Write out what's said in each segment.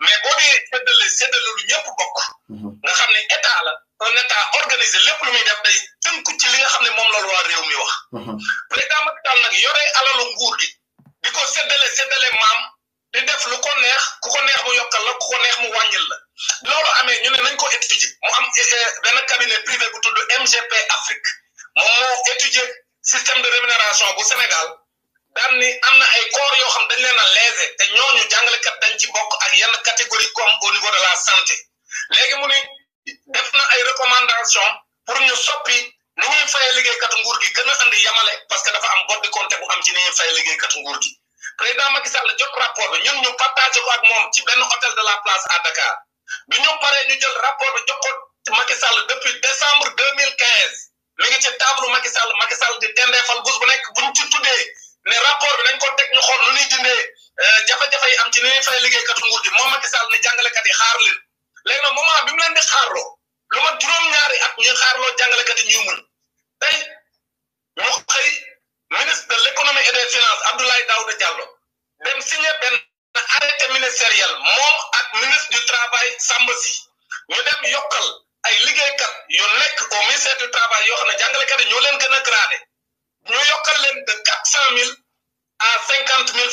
mais boo dee séddale séddale lu ñëpp bokk. Mhm. nga xam ne état la un état organisé lépp lu muy def day tënku ci li nga xam ne moom la waa réew mi wax. Mhm. président Macky Sall nag yore alalu nguur gi di ko séddale séddale de di def lu ko neex ku ko neex mu yokkal la ku ko neex mu wàññil la loolu amee ñu né nañ ko étudier mu am ben cabinet privé bu tudd MGP Afrique mo moo étudier système de rémunération bu Sénégal. daan ni am na ay corps yoo xam dañ leen a léser te ñooñu jàngalekat dañ ci bokk ak yenn catégorie comme au niveau de la santé def na ay recommandation pour ñu soppi nu ñuy fayee liggéeykatu nguur gi gën a andi yamale parce que dafa am boddi compte u am ci ni ñuy fayee liggéeykatu nguur gi président Macky Sall jot rapport bi ñun ñu partagé ko ak moom de la place à Dakar bi ñu paree ñu jël rapport bi jox ko Macky Sall depuis décembre deux mille quinze mi ngi ci table Macky Sall Macky Sall di tendeefal bu nekk buñ ci tuddee ne rapport bi nañ ko teg ñu xool nu ñuy dindee euh, jafe-jafe yi am ci ni ñuy fay liggéeykatu nguur gi moom Macky Sall ne jàngalekat yi xaar leen léegi nag moment bi mu leen di xaarloo lu ma juróom-ñaari at ñuy xaarloo jàngalekat yi ñuy muñ tey mu xëy ministre de l' économie et des finances Abdoulaye Daouda Diallo dem signé benn arrêté ministériel moom ak ministre du travail Samba Sy ñu dem yokkal ay liggéeykat yu nekk au ministère du travail yoo xam ne jàngalekat yi ñoo leen gën a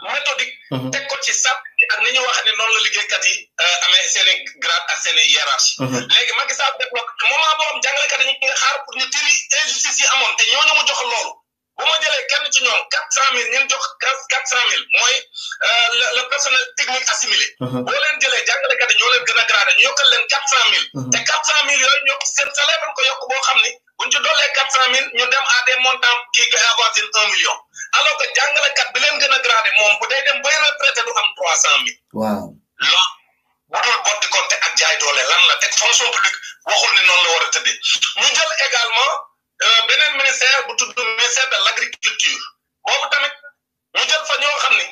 méthodique. Uh-huh. teg ko ci sàpp ak ni ñu wax ne la liggéeykat yi uh, amee seen i grade ak seen i hiérarchie. Uh-huh. léegi Macky Sall def ko moment boobu jàngalekat yi ñu ngi xaar pour ñu tiri injustice yi amoon te ñooñu mu jox loolu bu ma jëlee kenn ci ñoom quatre cent mille ñu jox quatre cent mille mooy uh, le personnel technique assimilé. Uh-huh. boo leen jëlee jàngalekat yi ñoo leen gën a gradé quatre cent mille. te quatre cent mille yooyu ñoo seen salaire ko yokk xam ni buñ ci quatre cent mille ñu dem à alors que jàngalekat bi leen gën a gradé moom bu day dem bay retraité du am trois cent mille. waaw loolu bu dul bot di compter ak jaay doole lan la teg fonction publique waxul ne noonu la war a tëddee ñu jël également euh, beneen ministère bu tudd ministère de l' agriculture boobu tamit ñu jël fa ñoo xam ni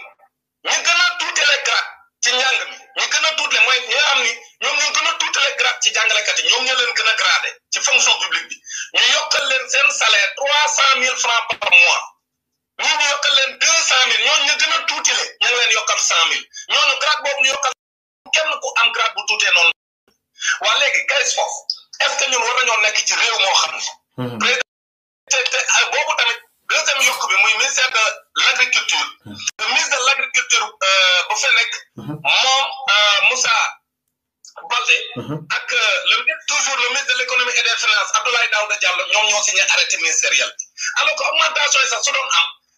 ñu gën a tuutale grade ci njàng mi ñu gën a tuutale mooy ñi nga xam ni ñoom ñu gën a tuutale grade ci jàngalekat yi ñoom ñu leen gën a gradé ci fonction publique bi ñu yokkal seen salaire trois cent ñu ngi yokkal leen deux cent mille ñooñu ñu gën a tuuti le ñu ngi leen yokkal cent mille ñooñu yokkal kenn ku am grade bu tuutee noonu waa léegi gayis foofu est-ce que ñun war ci réew moo xam ne mhm. te boobu tamit deuxième yokk bi muy ministère de l'agriculture mhm. le de l'agriculture euh, bu fe nekk mhm. moom euh, Moussa Baldé ak euh, le ministre toujours le ministre de l'économie et des finances Abdoulaye Daouda Diallo ñoom ñoo signé arrêté ministériel bi alors que augmentation yi sax su doon am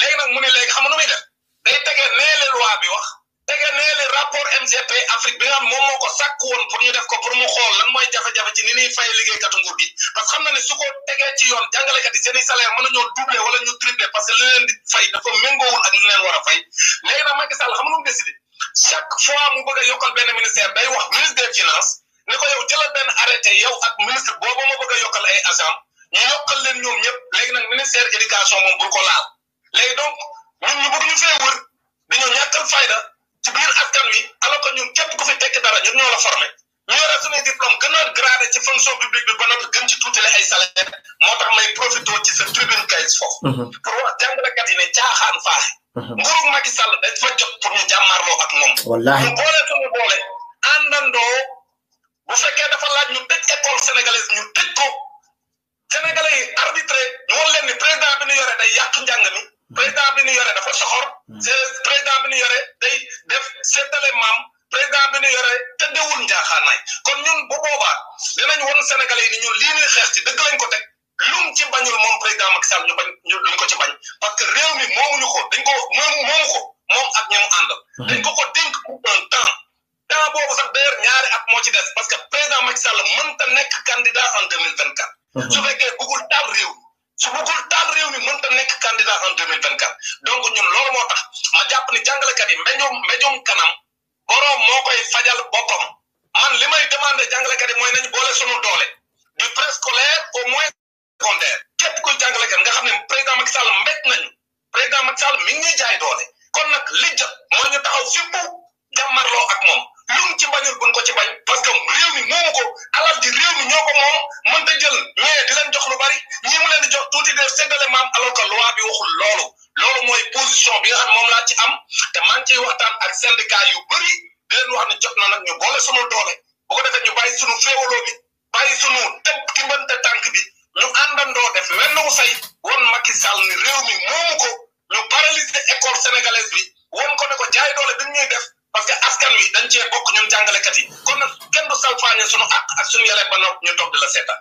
léegi nag mu ne léegi xam nga nu muy def day tege nee le loi bi wax tege nee le rapport MGP Afrique bi nga xam moom moo ko pour ñu def ko pour mu xool lan mooy jafe-jafe ci ni ñuy fay liggéeykatu nguur gi parce que xam ne su ko tegee ci yoon jàngalekat yi seeni salaire mën nañoo doubler wala ñu parce que li leen di fay dafa méngoowul ak li a fay léegi nag Macky Sall xam nga nu mu décidé chaque fois mu bëgg a yokkal benn day wax ministre des finances ne ko yow jëlal benn arrêté yow ak ministre boobu ma bëgg a léegi donc ñun ñu bëgg ñu fee wër dañoo ñàkkal fayda ci biir askan wi alors que ñun képp ku fi tekki dara ñun ñoo la formé ñu yore suñuy diplôme gën a gradé ci fonction publique bi ba noppi gën ci tuuti la ay salaire moo tax may profité ci sa tribune kayis foofu. Mhm. pour wax jàngalekat yi ne caaxaan faaxe. Mhm. nguurug Macky Sall dañ fa jot pour ñu jàmmarloo ak moom. wallaahi mu boole suñu boole àndandoo bu fekkee dafa laaj ñu tëj école sénégalaise ñu tëj ko sénégalais yi arbitré ñu wan leen ni président bi ñu yore day yàq njàng mi. président bi ñu yore dafa soxor. Hmm. président bi yore day def seddale maam président bi ñu yore tëddewul njaaxaanaay kon ñun bu boobaa dinañ won Sénégalais yi ni ñun lii ñuy xeex ci dëgg lañ ko teg lum ci bañul moom président Macky Sall ñu bañ ñu duñ ko ci bañ parce que réew mi ko ko ko moom ak ñi mu àndal. Hmm. dañ ko ko dénk un temps temps boobu sax d'ailleurs ñaari at moo ci des parce que président Macky Sall mënta nekk candidat en deux mille vingt quatre. Hmm. su fekkee bëggul taal su bëggul taal réew mi mënta nekk candidat en 2024 donc ñu loolu moo tax ma jàpp ni jàngalekat yi mbéjum mbéjum kanam boroom moo koy fajal boppam man li may demandé jàngalekat yi mooy nañ boole sunu doole du préscolaire au moins secondaire képp kuy jàngalekat nga xam ne président Macky Sall mbéj nañu président Macky Sall mi ngi ñuy jaay doole kon nag li jot mooy ñu taxaw fépp jàmmarloo ak moom. lu ci bañul buñ ko ci bañ parce que réew mi moomu ko alal ji réew mi ñoo ko moom mën jël mais di leen jox lu bari ñii mu leen di jox tuuti de séddale maam alors que loi bi waxul loolu loolu mooy position bi nga moom laa ci am te maa ngi ciy waxtaan ak syndicat yu bëri di leen wax ne jot na nag ñu boole sunu doole bu ko defee ñu bàyyi sunu féewaloo bi bàyyi sunu tëb timbante tànk bi ñu àndandoo def wenn wu say won Macky Sall ni réew mi moomu ko ñu paralyser école sénégalaise ko ne ko jaay doole bi ñuy def. yi dañ cee bokk ñun jàngalekat yi kon nag kenn du salfaañe sunu àq ak sunu yelleef ba ñu toog di la seetaan